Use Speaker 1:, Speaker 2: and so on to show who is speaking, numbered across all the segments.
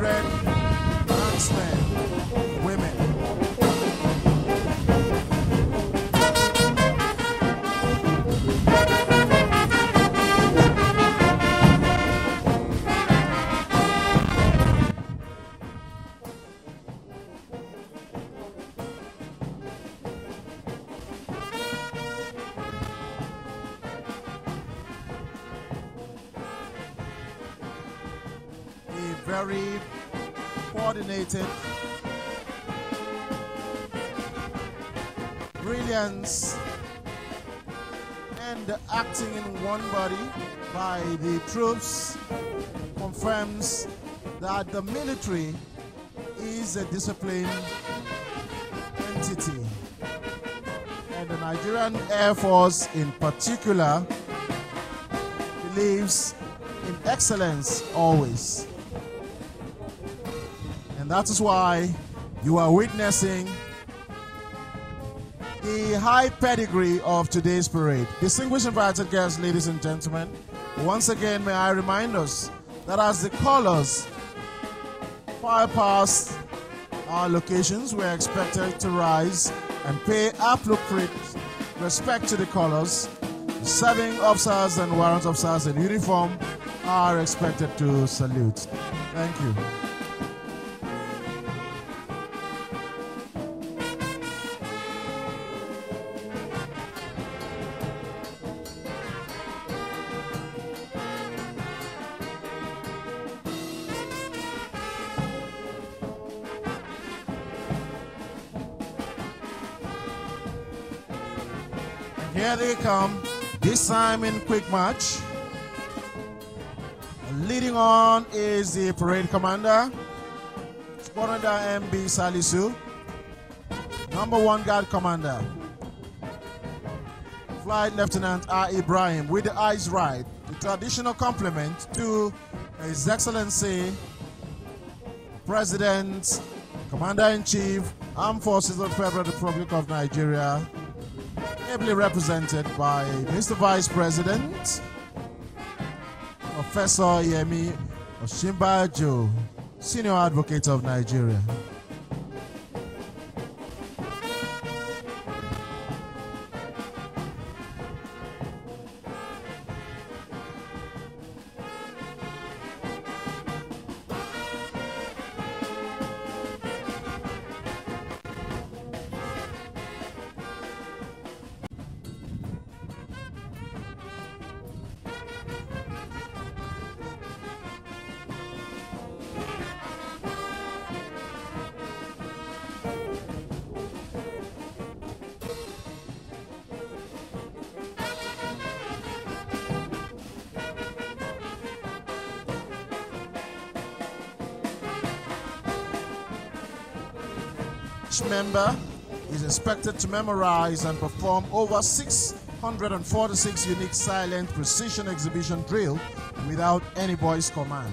Speaker 1: red, box red. very coordinated brilliance and acting in one body by the troops confirms that the military is a disciplined entity. And the Nigerian Air Force in particular believes in excellence always. That is why you are witnessing the high pedigree of today's parade. Distinguished invited guests, ladies and gentlemen, once again may I remind us that as the colors fly past our locations, we are expected to rise and pay appropriate respect to the colors. Serving officers and warrant officers in uniform are expected to salute. Thank you. Here they come. This time in quick match. Leading on is the parade commander, Squadron MB Salisu, number one guard commander, Flight Lieutenant R. Ibrahim, with the eyes right, the traditional compliment to His Excellency, President, Commander in Chief, Armed Forces of the Federal Republic of Nigeria, ably represented by Mr. Vice President, Professor Yemi Oshimbajo, Senior Advocate of Nigeria. Each member is expected to memorize and perform over 646 unique silent precision exhibition drill without any voice command.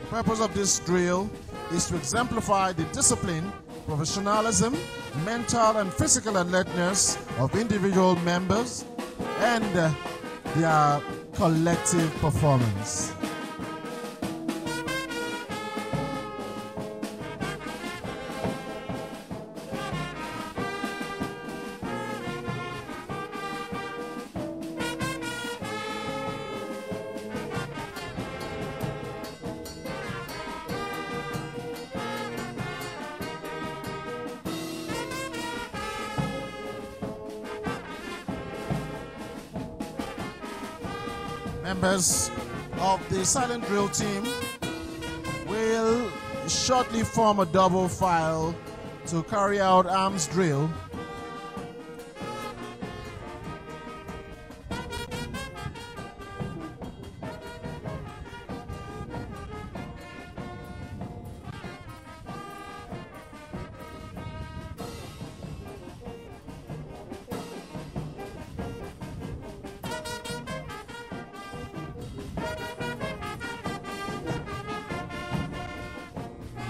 Speaker 1: The purpose of this drill is to exemplify the discipline, professionalism, mental and physical alertness of individual members and uh, their collective performance. members of the silent drill team will shortly form a double file to carry out arms drill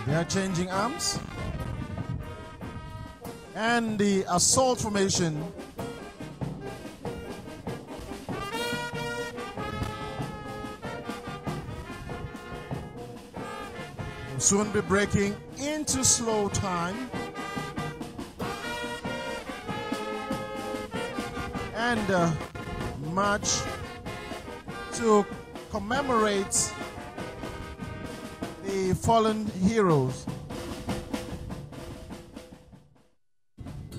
Speaker 1: They are changing arms. And the assault formation will soon be breaking into slow time. And uh, march to commemorate the fallen heroes.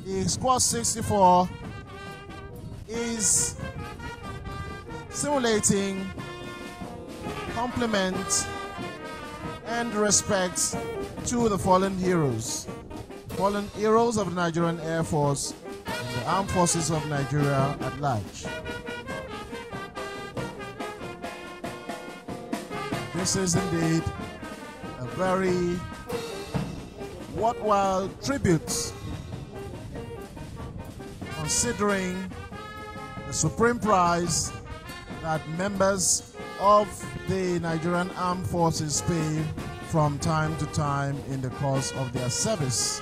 Speaker 1: The squad 64 is simulating compliment and respect to the fallen heroes. Fallen heroes of the Nigerian Air Force and the armed forces of Nigeria at large. This is indeed very worthwhile tribute considering the supreme prize that members of the Nigerian Armed Forces pay from time to time in the course of their service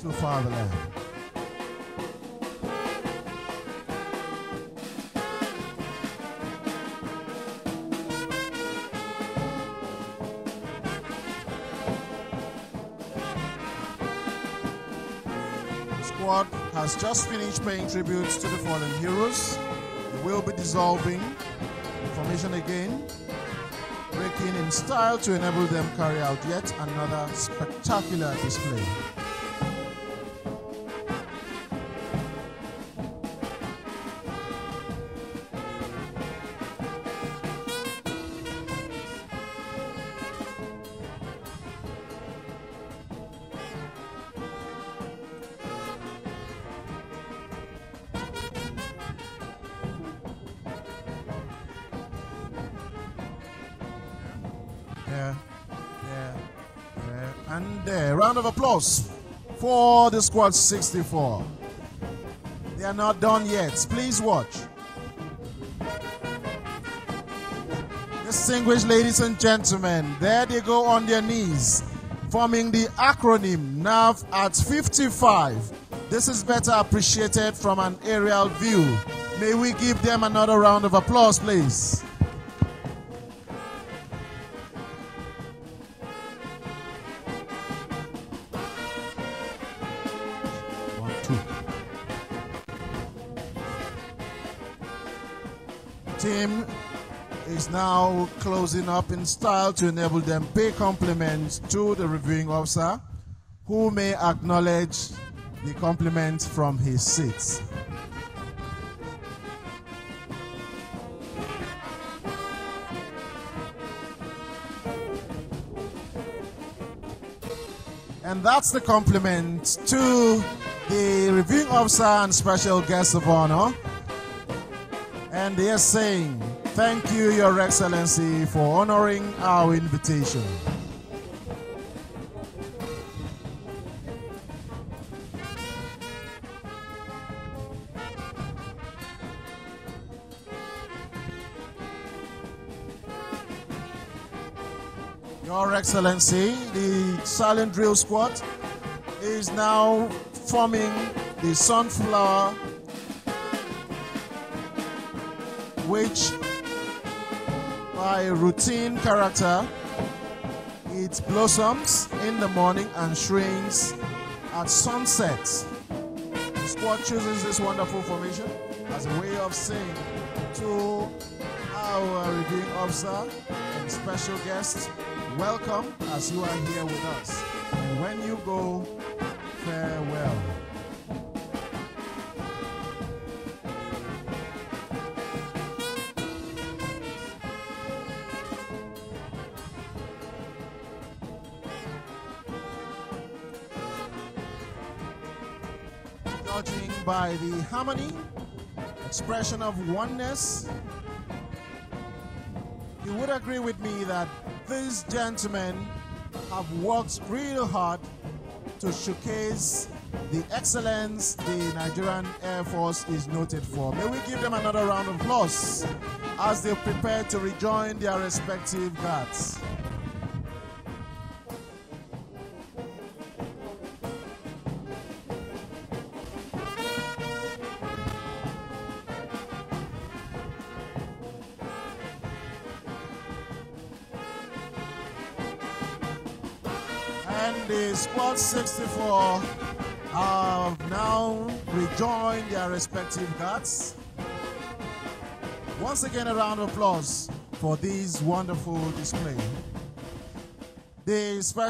Speaker 1: to fatherland. has just finished paying tribute to the fallen heroes. He will be dissolving formation again, breaking in style to enable them carry out yet another spectacular display. yeah, yeah, yeah. And a uh, round of applause for the squad 64. They are not done yet. Please watch. Distinguished ladies and gentlemen, there they go on their knees, forming the acronym NAV at 55. This is better appreciated from an aerial view. May we give them another round of applause, please. team is now closing up in style to enable them pay compliments to the reviewing officer who may acknowledge the compliments from his seats. And that's the compliment to the reviewing officer and special guest of honor and they are saying, Thank you, Your Excellency, for honoring our invitation. Your Excellency, the silent drill squad is now forming the sunflower which by routine character it blossoms in the morning and shrinks at sunset. The Squad chooses this wonderful formation as a way of saying to our reviewing officer and special guest, welcome as you are here with us. And when you go, farewell. by the harmony, expression of oneness. You would agree with me that these gentlemen have worked real hard to showcase the excellence the Nigerian Air Force is noted for. May we give them another round of applause as they prepare to rejoin their respective guards. and the squad 64 have now rejoined their respective guards. Once again, a round of applause for this wonderful display. The special